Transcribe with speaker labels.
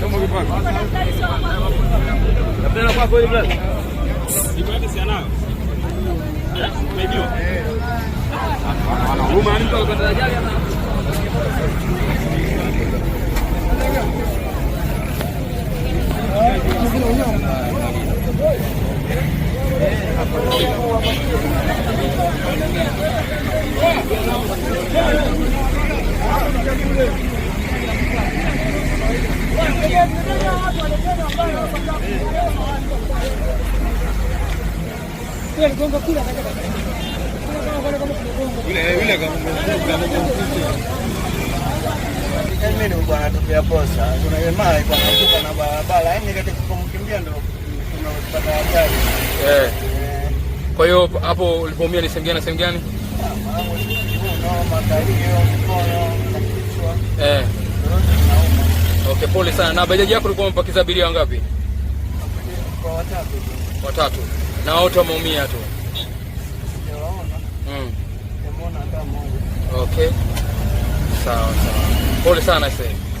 Speaker 1: Chama o Guipaco. Tá pegando a papo aí, Blas? Guipaco é cenário. Mediu. Uma ano então, quando já ia Thank you. Anatokea posa kuna jamaa anavuka na barabara, yaani katika kumkimbia ndio
Speaker 2: tunapata ajali. Kwa hiyo hapo ulipoumia ni sehemu gani na sehemu gani? Ah, ah, Makalio, Okay, pole sana. Na bajaji yako ulikuwa umepakiza abiria wangapi? Kwa watatu. Watatu. Na wote wameumia tu. Mm. Okay. Sawa sawa. Pole sana sasa.